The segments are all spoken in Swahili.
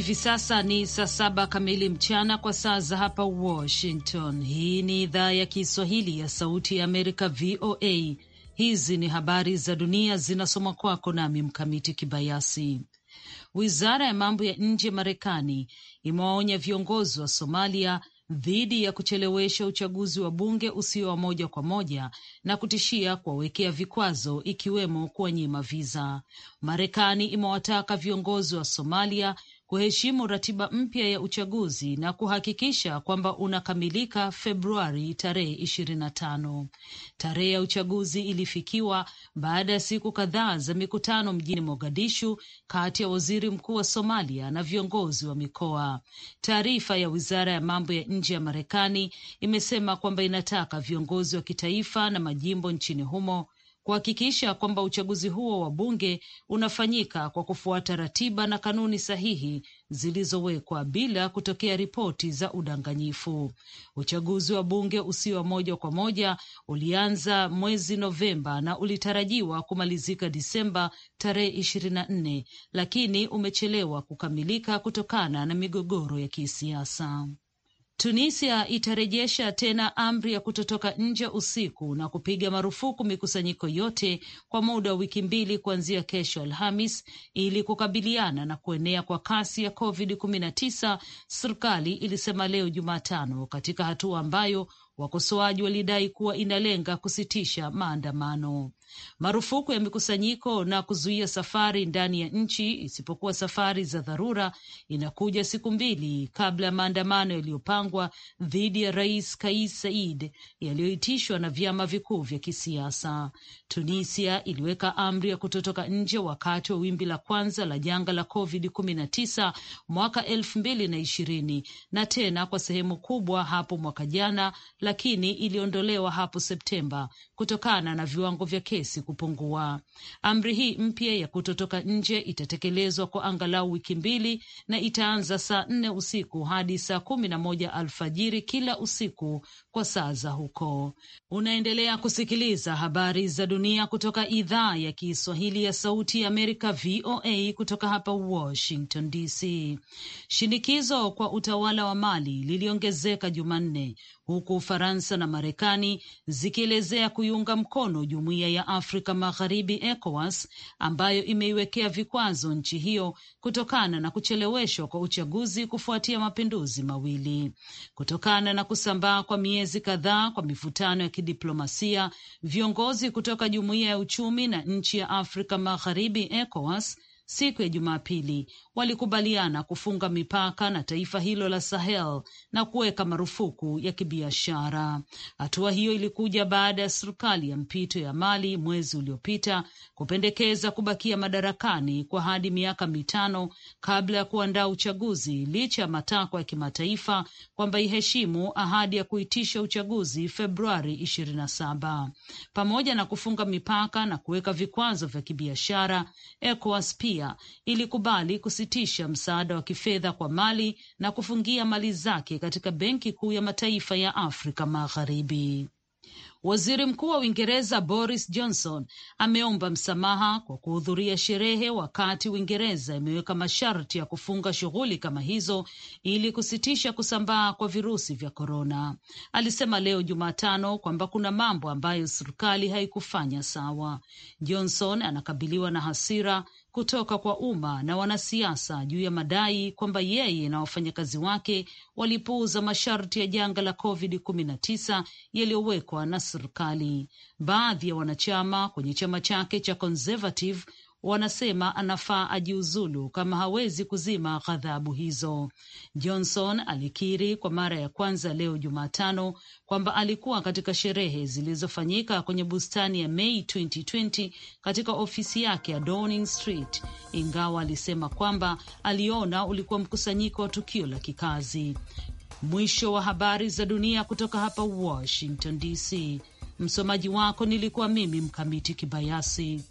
Hivi sasa ni saa saba kamili mchana kwa saa za hapa Washington. Hii ni idhaa ya Kiswahili ya Sauti ya Amerika, VOA. Hizi ni habari za dunia zinasomwa kwako nami Mkamiti Kibayasi. Wizara ya mambo ya nje Marekani imewaonya viongozi wa Somalia dhidi ya kuchelewesha uchaguzi wa bunge usio wa moja kwa moja na kutishia kuwawekea vikwazo ikiwemo kuwanyima viza. Marekani imewataka viongozi wa Somalia kuheshimu ratiba mpya ya uchaguzi na kuhakikisha kwamba unakamilika Februari tarehe ishirini na tano. Tarehe ya uchaguzi ilifikiwa baada ya siku kadhaa za mikutano mjini Mogadishu kati ya waziri mkuu wa Somalia na viongozi wa mikoa. Taarifa ya wizara ya mambo ya nje ya Marekani imesema kwamba inataka viongozi wa kitaifa na majimbo nchini humo kuhakikisha kwamba uchaguzi huo wa bunge unafanyika kwa kufuata ratiba na kanuni sahihi zilizowekwa bila kutokea ripoti za udanganyifu. Uchaguzi wa bunge usio wa moja kwa moja ulianza mwezi Novemba na ulitarajiwa kumalizika Disemba tarehe ishirini na nne, lakini umechelewa kukamilika kutokana na migogoro ya kisiasa. Tunisia itarejesha tena amri ya kutotoka nje usiku na kupiga marufuku mikusanyiko yote kwa muda wa wiki mbili kuanzia kesho Alhamis ili kukabiliana na kuenea kwa kasi ya COVID-19, serikali ilisema leo Jumatano, katika hatua ambayo wakosoaji walidai kuwa inalenga kusitisha maandamano marufuku ya mikusanyiko na kuzuia safari ndani ya nchi isipokuwa safari za dharura inakuja siku mbili kabla ya maandamano yaliyopangwa dhidi ya rais Kais Saied yaliyoitishwa na vyama vikuu vya kisiasa. Tunisia iliweka amri ya kutotoka nje wakati wa wimbi la kwanza la janga la Covid 19 mwaka elfu mbili na ishirini na tena kwa sehemu kubwa hapo mwaka jana, lakini iliondolewa hapo Septemba kutokana na viwango vya kesi kesi kupungua. Amri hii mpya ya kutotoka nje itatekelezwa kwa angalau wiki mbili na itaanza saa nne usiku hadi saa kumi na moja alfajiri kila usiku kwa saa za huko. Unaendelea kusikiliza habari za dunia kutoka idhaa ya Kiswahili ya Sauti ya Amerika, VOA, kutoka hapa Washington DC. Shinikizo kwa utawala wa Mali liliongezeka Jumanne, huku Ufaransa na Marekani zikielezea kuiunga mkono jumuiya ya Afrika Magharibi ECOWAS ambayo imeiwekea vikwazo nchi hiyo kutokana na kucheleweshwa kwa uchaguzi kufuatia mapinduzi mawili. Kutokana na kusambaa kwa miezi kadhaa kwa mivutano ya kidiplomasia, viongozi kutoka Jumuiya ya Uchumi na Nchi ya Afrika Magharibi ECOWAS siku ya Jumapili walikubaliana kufunga mipaka na taifa hilo la Sahel na kuweka marufuku ya kibiashara. Hatua hiyo ilikuja baada ya serikali ya mpito ya Mali mwezi uliopita kupendekeza kubakia madarakani kwa hadi miaka mitano kabla ya kuandaa uchaguzi, licha ya matakwa ya kimataifa kwamba iheshimu ahadi ya kuitisha uchaguzi Februari 27. Pamoja na kufunga mipaka na kuweka vikwazo vya kibiashara, ECOWAS pia ilikubali kusi kusitisha msaada wa kifedha kwa Mali na kufungia mali zake katika Benki Kuu ya Mataifa ya Afrika Magharibi. Waziri Mkuu wa Uingereza Boris Johnson ameomba msamaha kwa kuhudhuria sherehe wakati Uingereza imeweka masharti ya kufunga shughuli kama hizo ili kusitisha kusambaa kwa virusi vya korona. Alisema leo Jumatano kwamba kuna mambo ambayo serikali haikufanya sawa. Johnson anakabiliwa na hasira kutoka kwa umma na wanasiasa juu ya madai kwamba yeye na wafanyakazi wake walipuuza masharti ya janga la COVID-19 yaliyowekwa na serikali. Baadhi ya wanachama kwenye chama chake cha Conservative wanasema anafaa ajiuzulu kama hawezi kuzima ghadhabu hizo. Johnson alikiri kwa mara ya kwanza leo Jumatano kwamba alikuwa katika sherehe zilizofanyika kwenye bustani ya Mei 2020 katika ofisi yake ya Downing Street, ingawa alisema kwamba aliona ulikuwa mkusanyiko wa tukio la kikazi. Mwisho wa habari za dunia kutoka hapa Washington DC. Msomaji wako nilikuwa mimi Mkamiti Kibayasi.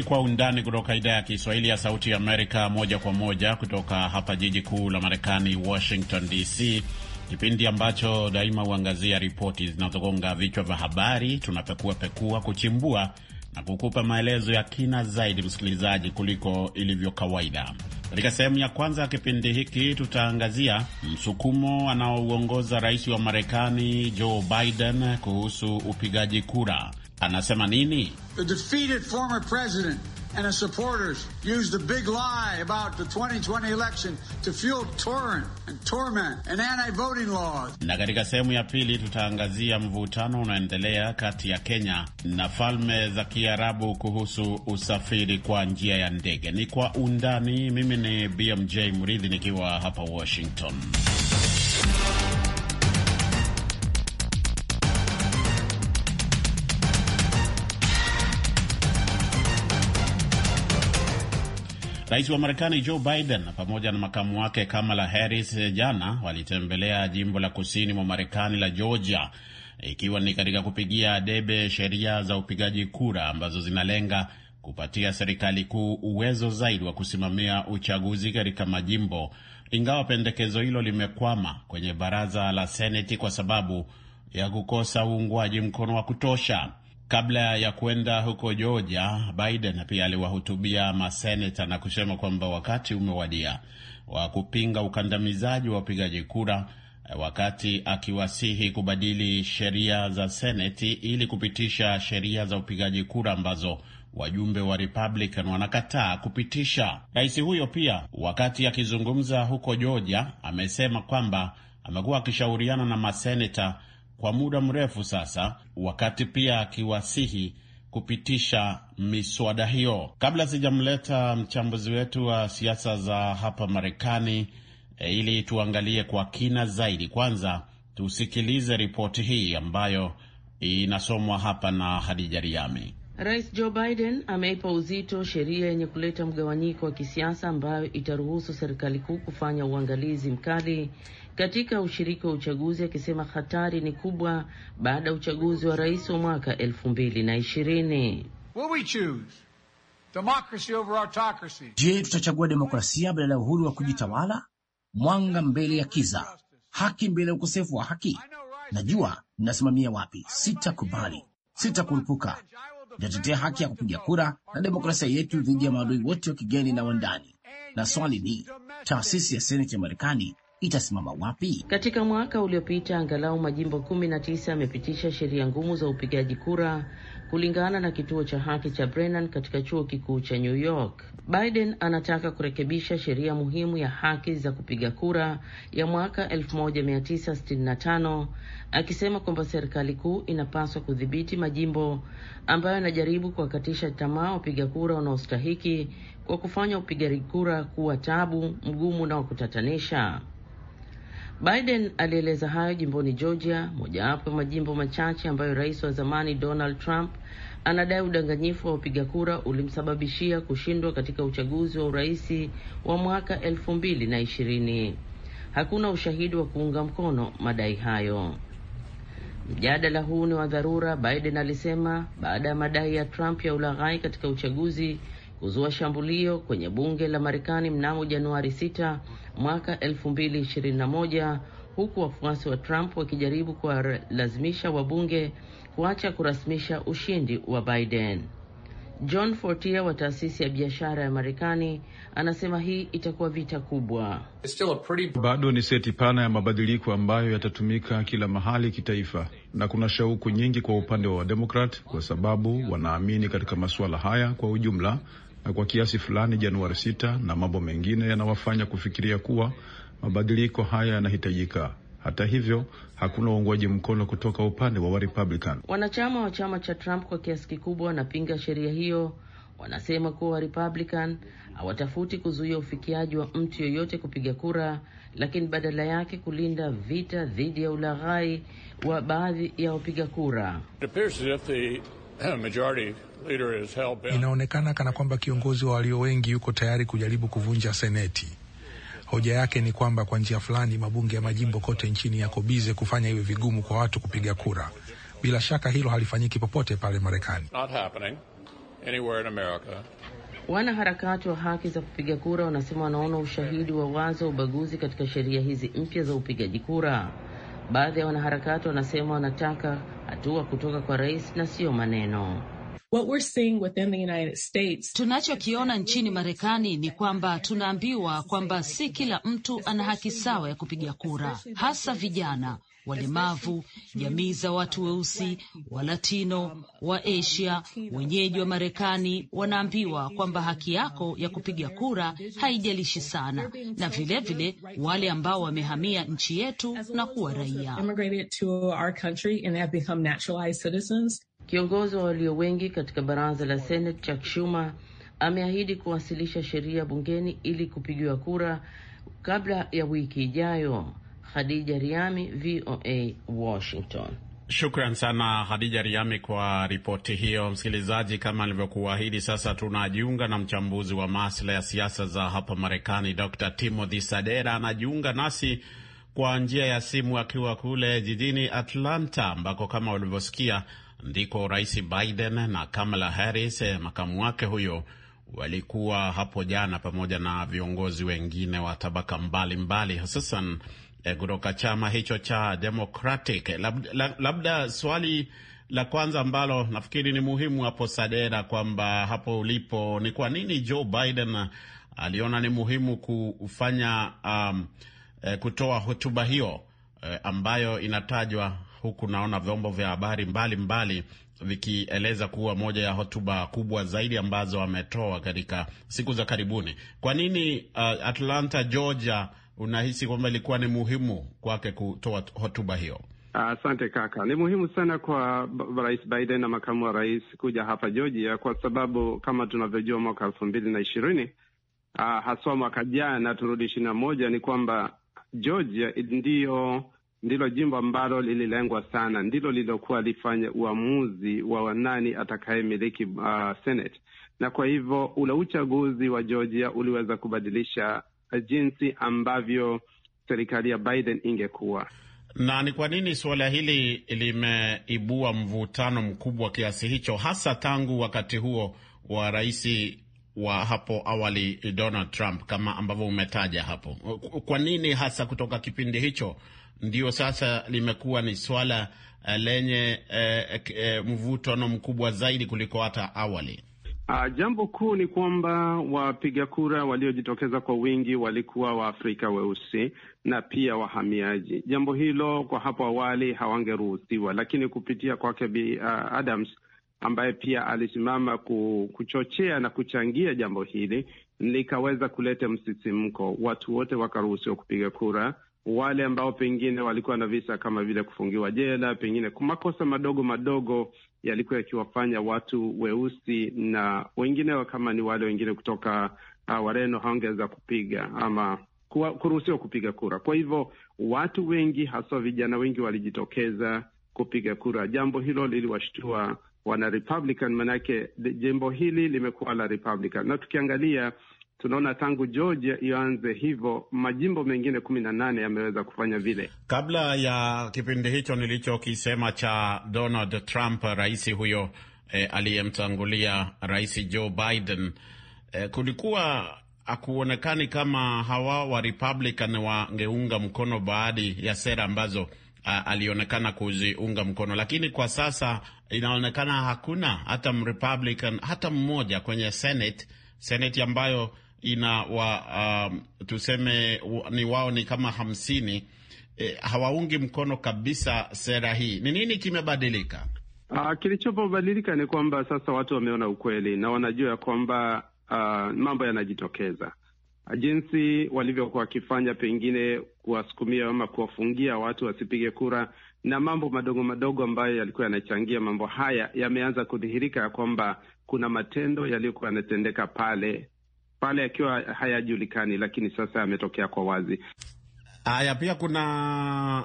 ni Kwa Undani kutoka idhaa ya Kiswahili ya Sauti ya Amerika, moja kwa moja kutoka hapa jiji kuu la Marekani, Washington DC, kipindi ambacho daima huangazia ripoti zinazogonga vichwa vya habari. Tunapekua pekua, kuchimbua na kukupa maelezo ya kina zaidi, msikilizaji, kuliko ilivyo kawaida. Katika sehemu ya kwanza ya kipindi hiki tutaangazia msukumo anaouongoza rais wa Marekani Joe Biden kuhusu upigaji kura anasema nini? The defeated former president and his supporters used big lie about the 2020 election to fuel torrent and torment and anti-voting laws. Na katika sehemu ya pili tutaangazia mvutano unaoendelea kati ya Kenya na falme za Kiarabu kuhusu usafiri kwa njia ya ndege. Ni kwa undani. Mimi ni BMJ Mridhi nikiwa hapa Washington. Rais wa Marekani Joe Biden pamoja na makamu wake Kamala Harris jana walitembelea jimbo la kusini mwa Marekani la Georgia, ikiwa ni katika kupigia debe sheria za upigaji kura ambazo zinalenga kupatia serikali kuu uwezo zaidi wa kusimamia uchaguzi katika majimbo, ingawa pendekezo hilo limekwama kwenye baraza la Seneti kwa sababu ya kukosa uungwaji mkono wa kutosha. Kabla ya kwenda huko Georgia, Biden pia aliwahutubia maseneta na kusema kwamba wakati umewadia wa kupinga ukandamizaji wa wapigaji kura, wakati akiwasihi kubadili sheria za seneti ili kupitisha sheria za upigaji kura ambazo wajumbe wa Republican wanakataa kupitisha. Rais huyo pia, wakati akizungumza huko Georgia, amesema kwamba amekuwa akishauriana na maseneta kwa muda mrefu sasa, wakati pia akiwasihi kupitisha miswada hiyo. Kabla sijamleta mchambuzi wetu wa siasa za hapa Marekani e, ili tuangalie kwa kina zaidi, kwanza tusikilize ripoti hii ambayo inasomwa hapa na Hadija Riami. Rais Joe Biden ameipa uzito sheria yenye kuleta mgawanyiko wa kisiasa ambayo itaruhusu serikali kuu kufanya uangalizi mkali katika ushiriki wa uchaguzi akisema hatari ni kubwa baada ya uchaguzi wa rais wa mwaka elfu mbili na ishirini. Je, tutachagua demokrasia badala ya uhuru wa kujitawala? Mwanga mbele ya kiza, haki mbele ya ukosefu wa haki. Najua ninasimamia wapi. Sitakubali, sitakurupuka. Nitatetea haki ya kupiga kura na demokrasia yetu dhidi ya maadui wote wa kigeni na wa ndani. Na swali ni, taasisi ya seneti ya Marekani itasimama wapi? Katika mwaka uliopita angalau majimbo 19 yamepitisha sheria ngumu za upigaji kura, kulingana na kituo cha haki cha Brennan katika chuo kikuu cha New York. Biden anataka kurekebisha sheria muhimu ya haki za kupiga kura ya mwaka 1965 akisema kwamba serikali kuu inapaswa kudhibiti majimbo ambayo yanajaribu kuwakatisha tamaa wapiga kura wanaostahiki kwa kufanya upigaji kura kuwa tabu, mgumu na wa kutatanisha. Biden alieleza hayo jimboni Georgia, mojawapo ya majimbo machache ambayo rais wa zamani Donald Trump anadai udanganyifu wa wapiga kura ulimsababishia kushindwa katika uchaguzi wa uraisi wa mwaka elfu mbili na ishirini. Hakuna ushahidi wa kuunga mkono madai hayo. Mjadala huu ni wa dharura, Biden alisema baada ya madai ya Trump ya ulaghai katika uchaguzi kuzua shambulio kwenye bunge la Marekani mnamo Januari 6 mwaka 2021 huku wafuasi wa Trump wakijaribu kuwalazimisha wabunge kuacha kurasmisha ushindi wa Biden. John Fortier wa taasisi ya biashara ya Marekani anasema hii itakuwa vita kubwa. pretty... bado ni seti pana ya mabadiliko ambayo yatatumika kila mahali kitaifa, na kuna shauku nyingi kwa upande wa Wademokrat kwa sababu wanaamini katika masuala haya kwa ujumla na kwa kiasi fulani Januari sita na mambo mengine yanawafanya kufikiria kuwa mabadiliko haya yanahitajika. Hata hivyo hakuna uungwaji mkono kutoka upande wa Republican. Wanachama wa chama cha Trump kwa kiasi kikubwa wanapinga sheria hiyo. Wanasema kuwa Republican hawatafuti kuzuia ufikiaji wa mtu yoyote kupiga kura, lakini badala yake kulinda vita dhidi ya ulaghai wa baadhi ya wapiga kura. It Inaonekana kana kwamba kiongozi wa walio wengi yuko tayari kujaribu kuvunja seneti. Hoja yake ni kwamba kwa njia fulani mabunge ya majimbo kote nchini yako bize kufanya iwe vigumu kwa watu kupiga kura. Bila shaka hilo halifanyiki popote pale Marekani. Wanaharakati wa haki za kupiga kura wanasema wanaona ushahidi wa wazo wa ubaguzi katika sheria hizi mpya za upigaji kura. Baadhi ya wanaharakati wanasema wanataka hatua kutoka kwa rais na siyo maneno. Tunachokiona nchini Marekani ni kwamba tunaambiwa kwamba si kila mtu ana haki sawa ya kupiga kura, hasa vijana walemavu, jamii za watu weusi, Walatino, wa Asia, wenyeji wa Marekani wanaambiwa kwamba haki yako ya kupiga kura haijalishi sana, na vilevile vile, wale ambao wamehamia nchi yetu na kuwa raia. Kiongozi wa walio wengi katika baraza la Senate Chuck Schumer ameahidi kuwasilisha sheria bungeni ili kupigiwa kura kabla ya wiki ijayo. Khadija Riami, VOA Washington. Shukran sana Hadija Riami kwa ripoti hiyo. Msikilizaji, kama alivyokuahidi, sasa tunajiunga na mchambuzi wa masuala ya siasa za hapa Marekani, Dr Timothy Sadera anajiunga nasi kwa njia ya simu akiwa kule jijini Atlanta, ambako kama ulivyosikia ndiko Rais Biden na Kamala Harris, eh, makamu wake huyo, walikuwa hapo jana pamoja na viongozi wengine wa tabaka mbalimbali hususan mbali, Eh, kutoka chama hicho cha Democratic. Labda, labda swali la kwanza ambalo nafikiri ni muhimu hapo, Sadera, kwamba hapo ulipo ni kwa nini Joe Biden aliona ni muhimu kufanya um, eh, kutoa hotuba hiyo eh, ambayo inatajwa huku, naona vyombo vya habari mbalimbali vikieleza kuwa moja ya hotuba kubwa zaidi ambazo ametoa katika siku za karibuni. Kwa nini uh, Atlanta Georgia unahisi kwamba ilikuwa ni muhimu kwake kutoa hotuba hiyo? Asante kaka, ni muhimu sana kwa Rais Biden na makamu wa rais kuja hapa Georgia kwa sababu kama tunavyojua mwaka elfu mbili na ishirini ah, haswa mwaka jana turudi ishirini na moja ni kwamba Georgia ndiyo ndilo jimbo ambalo lililengwa sana, ndilo lilokuwa lifanya uamuzi wa nani atakayemiliki uh, Senate, na kwa hivyo ule uchaguzi wa Georgia uliweza kubadilisha jinsi ambavyo serikali ya Biden ingekuwa. Na ni kwa nini suala hili limeibua mvutano mkubwa kiasi hicho, hasa tangu wakati huo wa rais wa hapo awali Donald Trump, kama ambavyo umetaja hapo? Kwa nini hasa kutoka kipindi hicho ndio sasa limekuwa ni swala eh, lenye eh, eh, mvutano mkubwa zaidi kuliko hata awali? Uh, jambo kuu ni kwamba wapiga kura waliojitokeza kwa wingi walikuwa Waafrika weusi na pia wahamiaji. Jambo hilo kwa hapo awali hawangeruhusiwa, lakini kupitia kwake Bi uh, Adams ambaye pia alisimama kuchochea na kuchangia jambo hili likaweza kuleta msisimko, watu wote wakaruhusiwa kupiga kura. Wale ambao pengine walikuwa na visa kama vile kufungiwa jela, pengine makosa madogo madogo yalikuwa yakiwafanya watu weusi na wengineo kama ni wale wengine kutoka uh, Wareno hawangeweza kupiga ama kuruhusiwa kupiga kura. Kwa hivyo watu wengi, haswa vijana wengi, walijitokeza kupiga kura. Jambo hilo liliwashtua wana Republican, manake jimbo hili limekuwa la Republican, na tukiangalia tunaona tangu Georgia ianze hivyo, majimbo mengine kumi na nane yameweza kufanya vile. Kabla ya kipindi hicho nilichokisema cha Donald Trump, rais huyo eh, aliyemtangulia rais Joe Biden, eh, kulikuwa hakuonekani kama hawa wa Republican wangeunga mkono baadhi ya sera ambazo a, alionekana kuziunga mkono, lakini kwa sasa inaonekana hakuna hata Mrepublican hata mmoja kwenye Senate, Senate ambayo ina wa um, tuseme ni wao ni kama hamsini e, hawaungi mkono kabisa sera hii. Ni nini kimebadilika? Uh, ah, kilichopobadilika ni kwamba sasa watu wameona ukweli na wanajua ya kwamba uh, mambo yanajitokeza ah, jinsi walivyokuwa wakifanya, pengine kuwasukumia ama kuwafungia watu wasipige kura, na mambo madogo madogo ambayo yalikuwa yanachangia mambo haya yameanza kudhihirika ya kwamba kuna matendo yaliyokuwa yanatendeka pale pale akiwa hayajulikani, lakini sasa ametokea kwa wazi. Haya, pia kuna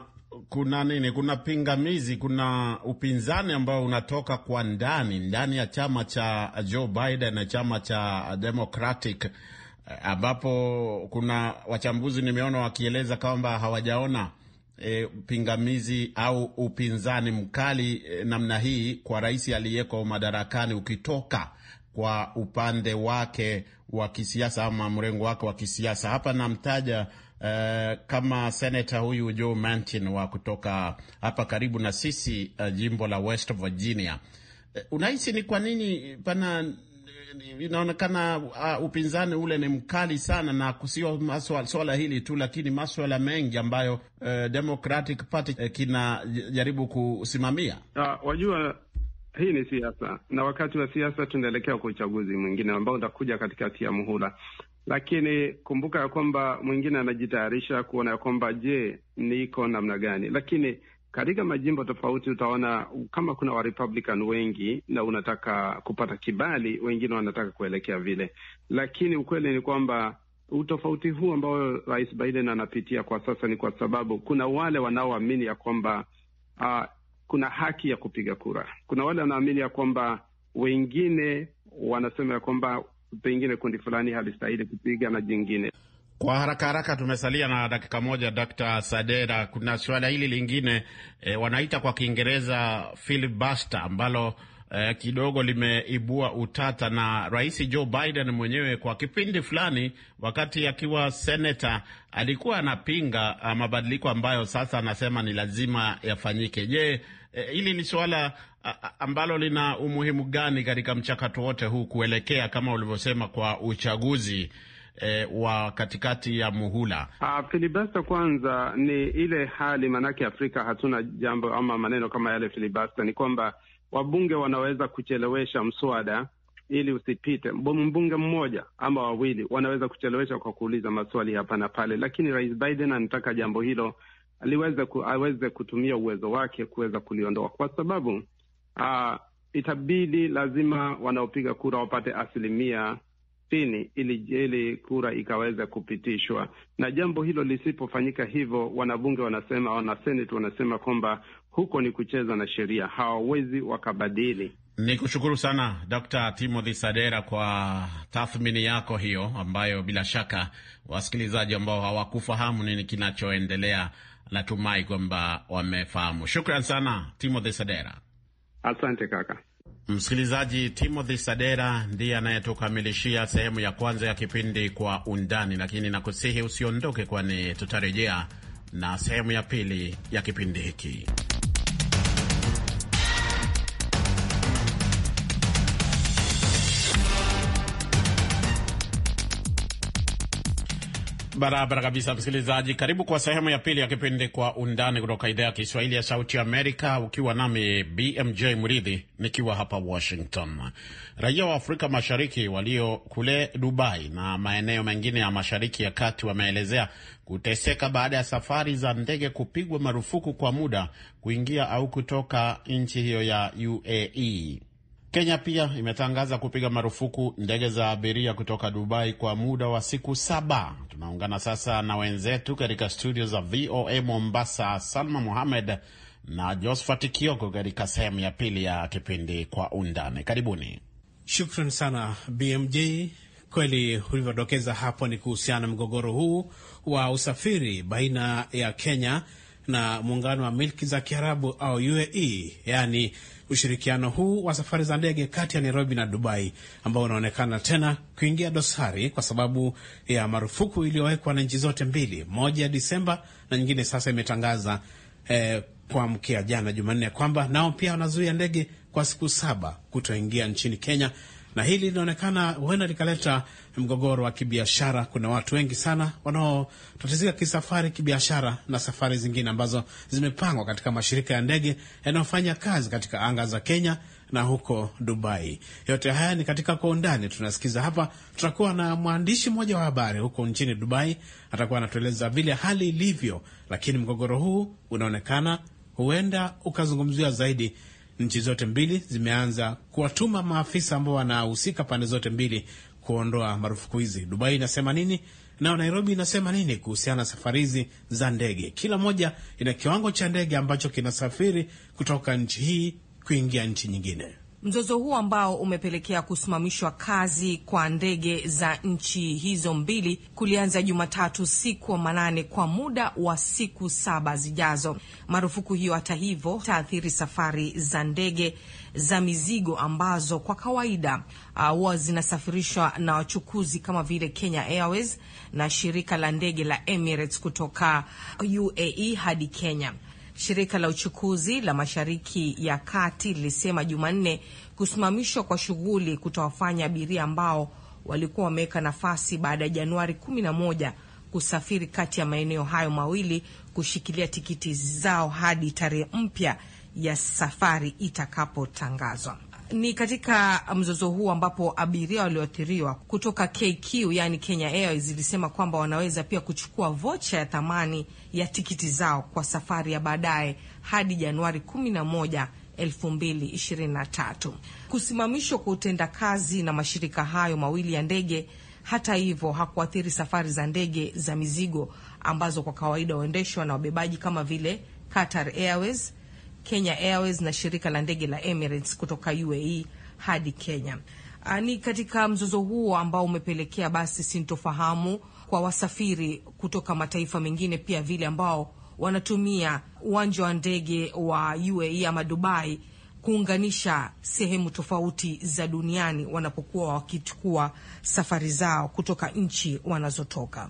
kuna nini, kuna pingamizi, kuna upinzani ambao unatoka kwa ndani ndani ya chama cha Joe Biden na chama cha Democratic, eh, ambapo kuna wachambuzi nimeona wakieleza kwamba hawajaona e, pingamizi au upinzani mkali e, namna hii kwa rais aliyeko madarakani ukitoka kwa upande wake wa kisiasa ama mrengo wake wa kisiasa. Hapa namtaja uh, kama senata huyu Joe Manchin wa kutoka hapa karibu na sisi uh, jimbo la West Virginia. Uh, unahisi ni kwa nini pana inaonekana uh, upinzani ule ni mkali sana, na kusio swala hili tu, lakini maswala mengi ambayo uh, Democratic Party uh, kinajaribu kusimamia. Uh, wajua hii ni siasa, na wakati wa siasa tunaelekea kwa uchaguzi mwingine ambao utakuja katikati ya muhula, lakini kumbuka ya kwamba mwingine anajitayarisha kuona ya kwamba je, niko namna gani? Lakini katika majimbo tofauti utaona kama kuna Warepublican wengi na unataka kupata kibali, wengine wanataka kuelekea vile, lakini ukweli ni kwamba utofauti huu ambao Rais Biden anapitia kwa sasa ni kwa sababu kuna wale wanaoamini ya kwamba uh, kuna haki ya kupiga kura. Kuna wale wanaamini ya kwamba wengine wanasema ya kwamba pengine kundi fulani halistahili kupiga na jingine. Kwa haraka haraka, tumesalia na dakika moja. Dr. Sadera, kuna suala hili lingine e, wanaita kwa Kiingereza filibuster ambalo eh, kidogo limeibua utata, na Rais Joe Biden mwenyewe kwa kipindi fulani, wakati akiwa senata, alikuwa anapinga ah, mabadiliko ambayo sasa anasema ni lazima yafanyike. Je, eh, hili ni suala ah, ah, ambalo lina umuhimu gani katika mchakato wote huu kuelekea kama ulivyosema kwa uchaguzi E, wa katikati ya muhula ah, filibasta. Kwanza ni ile hali, maanake Afrika hatuna jambo ama maneno kama yale filibasta. Ni kwamba wabunge wanaweza kuchelewesha mswada ili usipite. Mbunge mmoja ama wawili wanaweza kuchelewesha kwa kuuliza maswali hapa na pale, lakini Rais Biden anataka jambo hilo aliweze ku, aweze kutumia uwezo wake kuweza kuliondoa kwa sababu uh, itabidi lazima wanaopiga kura wapate asilimia sitini ili, ili kura ikaweze kupitishwa. Na jambo hilo lisipofanyika hivyo, wanabunge wanasema, wanaseneti wanasema kwamba huko ni kucheza na sheria, hawawezi wakabadili. Ni kushukuru sana Dr. Timothy Sadera kwa tathmini yako hiyo, ambayo bila shaka wasikilizaji ambao hawakufahamu nini kinachoendelea, natumai kwamba wamefahamu. Shukran sana Timothy Sadera, asante kaka. Msikilizaji, Timothy Sadera ndiye anayetukamilishia sehemu ya kwanza ya kipindi Kwa Undani, lakini nakusihi usiondoke, kwani tutarejea na sehemu ya pili ya kipindi hiki. Barabara kabisa, msikilizaji. Karibu kwa sehemu ya pili ya kipindi Kwa Undani kutoka idhaa ya Kiswahili ya Sauti Amerika, ukiwa nami BMJ Mridhi nikiwa hapa Washington. Raia wa Afrika Mashariki walio kule Dubai na maeneo mengine ya Mashariki ya Kati wameelezea kuteseka baada ya safari za ndege kupigwa marufuku kwa muda kuingia au kutoka nchi hiyo ya UAE. Kenya pia imetangaza kupiga marufuku ndege za abiria kutoka Dubai kwa muda wa siku saba. Tunaungana sasa na wenzetu katika studio za VOA Mombasa, Salma Mohamed na Josphat Kioko katika sehemu ya pili ya kipindi Kwa Undani. Karibuni. Shukran sana BMJ. Kweli ulivyodokeza hapo ni kuhusiana na mgogoro huu wa usafiri baina ya Kenya na muungano wa milki za Kiarabu au UAE, yaani ushirikiano huu wa safari za ndege kati ya Nairobi na Dubai ambao unaonekana tena kuingia dosari kwa sababu ya marufuku iliyowekwa na nchi zote mbili, moja ya Disemba na nyingine sasa imetangaza eh, kuamkia jana Jumanne kwamba nao pia wanazuia ndege kwa siku saba kutoingia nchini Kenya na hili linaonekana huenda likaleta mgogoro wa kibiashara. Kuna watu wengi sana wanaotatizika kisafari, kibiashara na safari zingine ambazo zimepangwa katika mashirika ya ndege yanayofanya kazi katika anga za Kenya na huko Dubai. Yote haya ni katika kwa undani tunasikiza hapa. Tutakuwa na mwandishi mmoja wa habari huko nchini Dubai, atakuwa anatueleza vile hali ilivyo, lakini mgogoro huu unaonekana huenda ukazungumziwa zaidi Nchi zote mbili zimeanza kuwatuma maafisa ambao wanahusika pande zote mbili kuondoa marufuku hizi. Dubai inasema nini na Nairobi inasema nini kuhusiana na safari hizi za ndege? Kila moja ina kiwango cha ndege ambacho kinasafiri kutoka nchi hii kuingia nchi nyingine. Mzozo huo ambao umepelekea kusimamishwa kazi kwa ndege za nchi hizo mbili kulianza Jumatatu siku manane kwa muda wa siku saba zijazo. Marufuku hiyo hata hivyo taathiri safari za ndege za mizigo ambazo kwa kawaida ah, huwa uh, zinasafirishwa na wachukuzi kama vile Kenya Airways na shirika la ndege la Emirates kutoka UAE hadi Kenya. Shirika la uchukuzi la Mashariki ya Kati lilisema Jumanne kusimamishwa kwa shughuli kutawafanya abiria ambao walikuwa wameweka nafasi baada ya Januari 11 kusafiri kati ya maeneo hayo mawili kushikilia tikiti zao hadi tarehe mpya ya safari itakapotangazwa ni katika mzozo huu ambapo abiria walioathiriwa kutoka KQ yani Kenya Airways ilisema kwamba wanaweza pia kuchukua vocha ya thamani ya tikiti zao kwa safari ya baadaye hadi Januari 11, 2023. Kusimamishwa kwa utendakazi na mashirika hayo mawili ya ndege, hata hivyo, hakuathiri safari za ndege za mizigo ambazo kwa kawaida huendeshwa na wabebaji kama vile Qatar Airways Kenya Airways na shirika la ndege la Emirates kutoka UAE hadi Kenya. Ah, ni katika mzozo huo ambao umepelekea basi sintofahamu kwa wasafiri kutoka mataifa mengine pia vile ambao wanatumia uwanja wa ndege wa UAE ama Dubai kuunganisha sehemu tofauti za duniani wanapokuwa wakichukua safari zao kutoka nchi wanazotoka.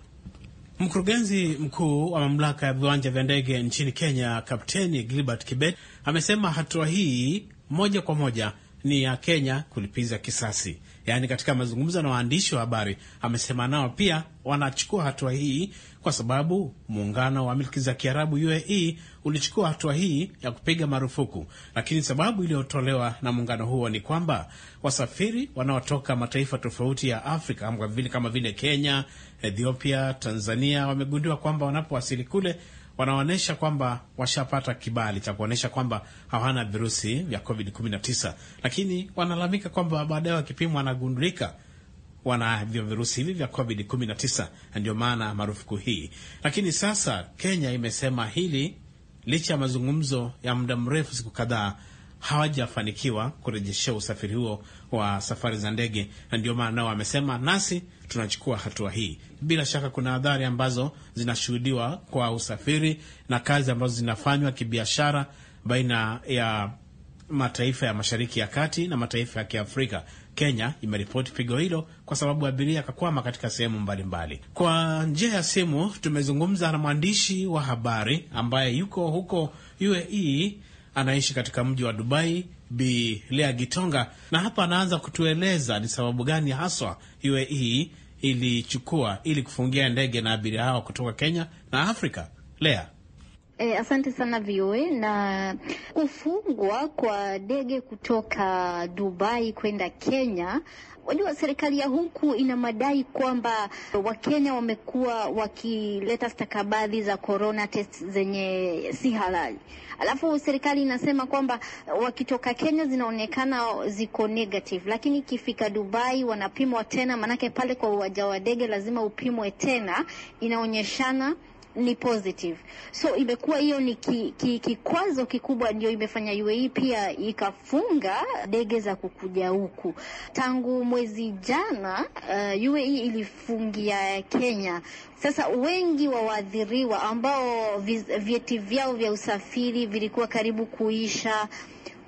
Mkurugenzi mkuu wa mamlaka ya viwanja vya ndege nchini Kenya, Kapteni Gilbert Kibet amesema hatua hii moja kwa moja ni ya Kenya kulipiza kisasi. Yaani, katika mazungumzo na waandishi wa habari amesema nao pia wanachukua hatua hii kwa sababu muungano wa milki za Kiarabu UAE ulichukua hatua hii ya kupiga marufuku, lakini sababu iliyotolewa na muungano huo ni kwamba wasafiri wanaotoka mataifa tofauti ya Afrika kama vile Kenya, Ethiopia, Tanzania wamegundiwa kwamba wanapowasili kule wanaonyesha kwamba washapata kibali cha kuonyesha kwamba hawana virusi vya COVID-19, lakini wanalalamika kwamba baadaye wakipimwa wanagundulika wana virusi hivi vya COVID-19, na ndio maana marufuku hii. Lakini sasa Kenya imesema hili licha ya mazungumzo ya muda mrefu, siku kadhaa hawajafanikiwa kurejeshea usafiri huo wa safari za ndege, na ndio maana nao wamesema nasi tunachukua hatua hii. Bila shaka kuna adhari ambazo zinashuhudiwa kwa usafiri na kazi ambazo zinafanywa kibiashara baina ya mataifa ya Mashariki ya Kati na mataifa ya Kiafrika. Kenya imeripoti pigo hilo kwa sababu abiria akakwama katika sehemu mbalimbali. Kwa njia ya simu tumezungumza na mwandishi wa habari ambaye yuko huko UAE anaishi katika mji wa Dubai, Bi Lea Gitonga, na hapa anaanza kutueleza ni sababu gani haswa UAE ilichukua ili kufungia ndege na abiria hao kutoka Kenya na Afrika. Lea. E, asante sana VOA. Na kufungwa kwa ndege kutoka Dubai kwenda Kenya, wajua serikali ya huku ina madai kwamba Wakenya wamekuwa wakileta stakabadhi za corona test zenye si halali, alafu serikali inasema kwamba wakitoka Kenya zinaonekana ziko negative, lakini ikifika Dubai wanapimwa tena, manake pale kwa uwanja wa ndege lazima upimwe tena, inaonyeshana ni positive. So imekuwa hiyo ni kikwazo ki, ki kikubwa, ndio imefanya UAE pia ikafunga ndege za kukuja huku tangu mwezi jana. Uh, UAE ilifungia Kenya. Sasa wengi wa waathiriwa ambao vyeti vyao vya usafiri vilikuwa karibu kuisha,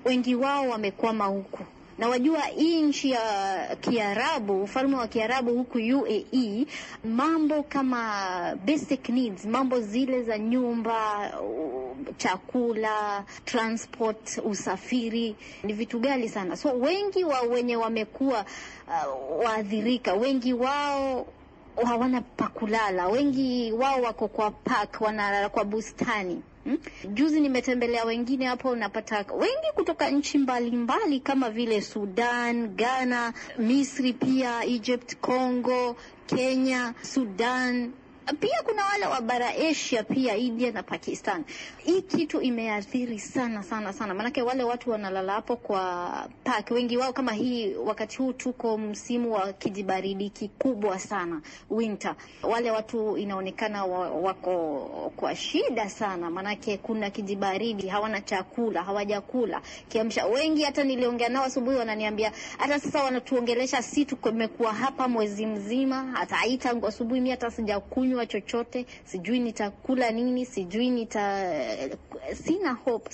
wengi wao wamekwama huku na wajua hii nchi ya Kiarabu, ufalme wa Kiarabu huku UAE, mambo kama basic needs, mambo zile za nyumba, chakula, transport, usafiri ni vitu ghali sana. So wengi wa wenye wamekuwa uh, waathirika, wengi wao hawana pakulala, wengi wao wako kwa park, wanalala kwa bustani. Hmm? Juzi nimetembelea wengine hapo, unapata wengi kutoka nchi mbalimbali mbali, kama vile Sudan, Ghana, Misri, pia Egypt, Congo, Kenya, Sudan pia kuna wale wa bara Asia pia India na Pakistan. Hii kitu imeathiri sana sana sana, maanake wale watu wanalala hapo kwa park, wengi wao kama hii, wakati huu tuko msimu wa kijibaridi kikubwa sana winter. Wale watu inaonekana wako kwa shida sana, maanake kuna kijibaridi, hawana chakula, hawajakula kiamsha. Wengi hata niliongea nao asubuhi, wananiambia hata sasa wanatuongelesha, si tumekuwa hapa mwezi mzima, hata asubuhi mi hata sijakunywa nitanywa chochote, sijui nitakula nini, sijui nita, eh, sina hope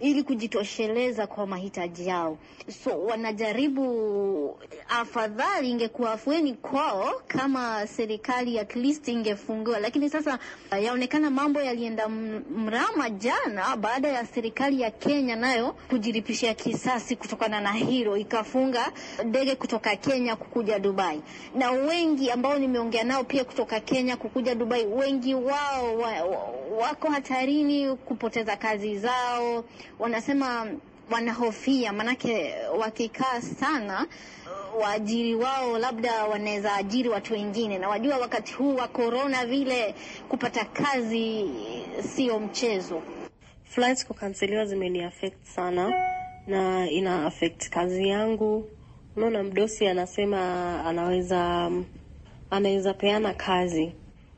ili kujitosheleza kwa mahitaji yao. So wanajaribu, afadhali ingekuwa afueni kwao kama serikali at least ingefungiwa, lakini sasa yaonekana mambo yalienda mrama jana baada ya serikali ya Kenya nayo kujiripishia kisasi kutokana na hilo, ikafunga ndege kutoka Kenya kukuja Dubai, na wengi ambao nimeongea nao pia kutoka Kenya kukuja Dubai, wengi wao wa, wa, wako hatarini kupoteza kazi zao wanasema wanahofia manake, wakikaa sana waajiri wao labda wanaweza ajiri watu wengine, na wajua wakati huu wa korona vile kupata kazi sio mchezo. Flights kukanseliwa zimeniaffect sana na ina affect kazi yangu. Unaona, mdosi anasema anaweza anaweza peana kazi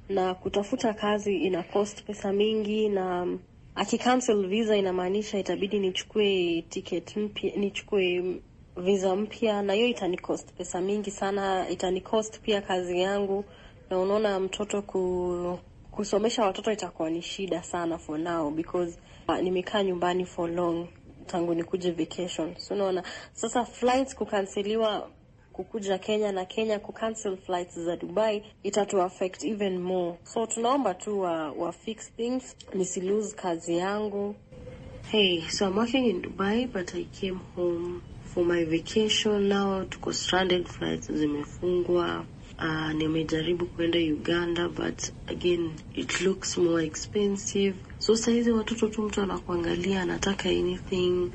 na kutafuta kazi ina cost pesa mingi na akicancel visa inamaanisha itabidi nichukue ticket mpya, nichukue visa mpya, na hiyo itanicost pesa mingi sana, itanicost pia kazi yangu, na unaona mtoto ku, kusomesha watoto itakuwa ni shida sana for now because uh, nimekaa nyumbani for long tangu nikuje vacation, so unaona sasa flights kukanseliwa kukuja Kenya na Kenya kucancel flights za Dubai itatu affect even more. So tunaomba tu wa, wa fix things, nisilose kazi yangu. Hey, so I'm working in Dubai but I came home for my vacation now. Tuko stranded, flights zimefungwa. Uh, nimejaribu kwenda Uganda but again it looks more expensive. So saizi watoto tu mtu anakuangalia anataka anything,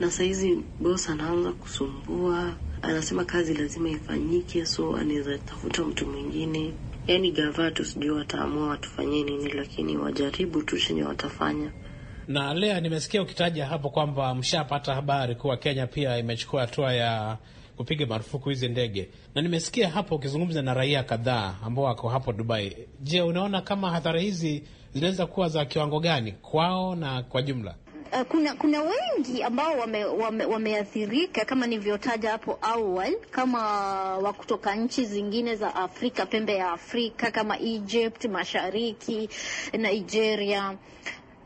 na saizi boss anaanza kusumbua anasema kazi lazima ifanyike, so anaweza tafuta mtu mwingine, Yani gava tu sijui wataamua watufanyie nini, lakini wajaribu tu chenye watafanya. Na Lea, nimesikia ukitaja hapo kwamba mshapata habari kuwa Kenya pia imechukua hatua ya kupiga marufuku hizi ndege, na nimesikia hapo ukizungumza na raia kadhaa ambao wako hapo Dubai. Je, unaona kama hatari hizi zinaweza kuwa za kiwango gani kwao na kwa jumla? uh, kuna, kuna wengi ambao wameathirika wame, wame kama nilivyotaja hapo awali, kama wa kutoka nchi zingine za Afrika, pembe ya Afrika kama Egypt Mashariki, Nigeria,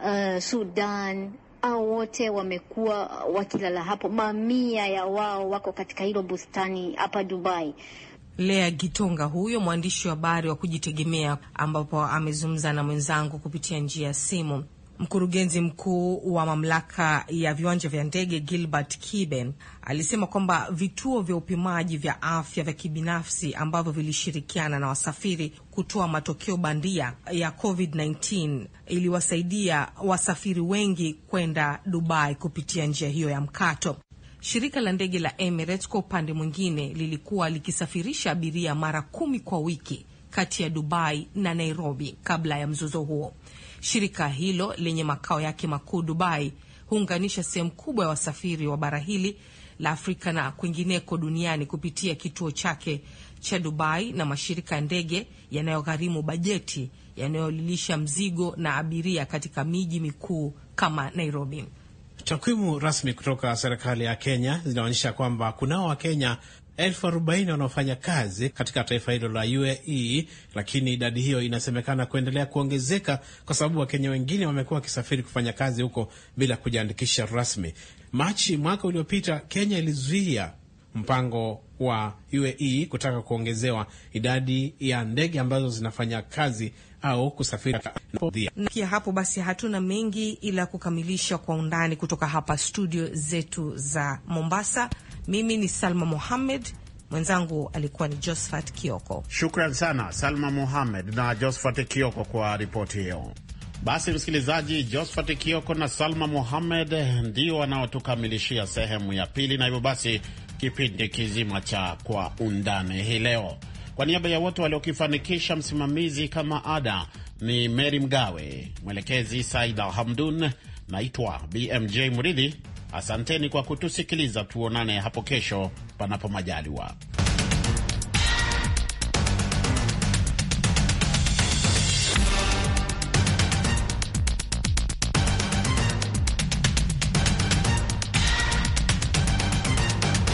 uh, Sudan au wote wamekuwa wakilala hapo. Mamia ya wao wako katika hilo bustani hapa Dubai. Lea Gitonga huyo mwandishi wa habari wa kujitegemea ambapo amezungumza na mwenzangu kupitia njia ya simu. Mkurugenzi mkuu wa mamlaka ya viwanja vya ndege Gilbert Kibe alisema kwamba vituo vya upimaji vya afya vya kibinafsi ambavyo vilishirikiana na wasafiri kutoa matokeo bandia ya COVID-19 iliwasaidia wasafiri wengi kwenda Dubai kupitia njia hiyo ya mkato. Shirika la ndege la Emirates kwa upande mwingine lilikuwa likisafirisha abiria mara kumi kwa wiki kati ya Dubai na Nairobi kabla ya mzozo huo. Shirika hilo lenye makao yake makuu Dubai huunganisha sehemu kubwa ya wasafiri wa bara hili la Afrika na kwingineko duniani kupitia kituo chake cha Dubai na mashirika ya ndege yanayogharimu bajeti yanayolilisha mzigo na abiria katika miji mikuu kama Nairobi. Takwimu rasmi kutoka serikali ya Kenya zinaonyesha kwamba kunao Wakenya elfu arobaini wanaofanya kazi katika taifa hilo la UAE, lakini idadi hiyo inasemekana kuendelea kuongezeka kwa sababu Wakenya wengine wamekuwa wakisafiri kufanya kazi huko bila kujiandikisha rasmi. Machi mwaka uliopita, Kenya ilizuia mpango wa UAE kutaka kuongezewa idadi ya ndege ambazo zinafanya kazi au kusafiri kia hapo. Basi hatuna mengi ila kukamilisha kwa undani kutoka hapa studio zetu za Mombasa. Mimi ni Salma Mohamed, mwenzangu alikuwa ni Josphat Kioko. Shukran sana Salma Mohamed na Josphat Kioko kwa ripoti hiyo. Basi msikilizaji, Josphat Kioko na Salma Mohamed ndio wanaotukamilishia sehemu ya pili, na hivyo basi kipindi kizima cha Kwa Undani hii leo. Kwa niaba ya wote waliokifanikisha, msimamizi kama ada ni Meri Mgawe, mwelekezi Saida Hamdun, naitwa BMJ Muridhi. Asanteni kwa kutusikiliza, tuonane hapo kesho panapo majaliwa.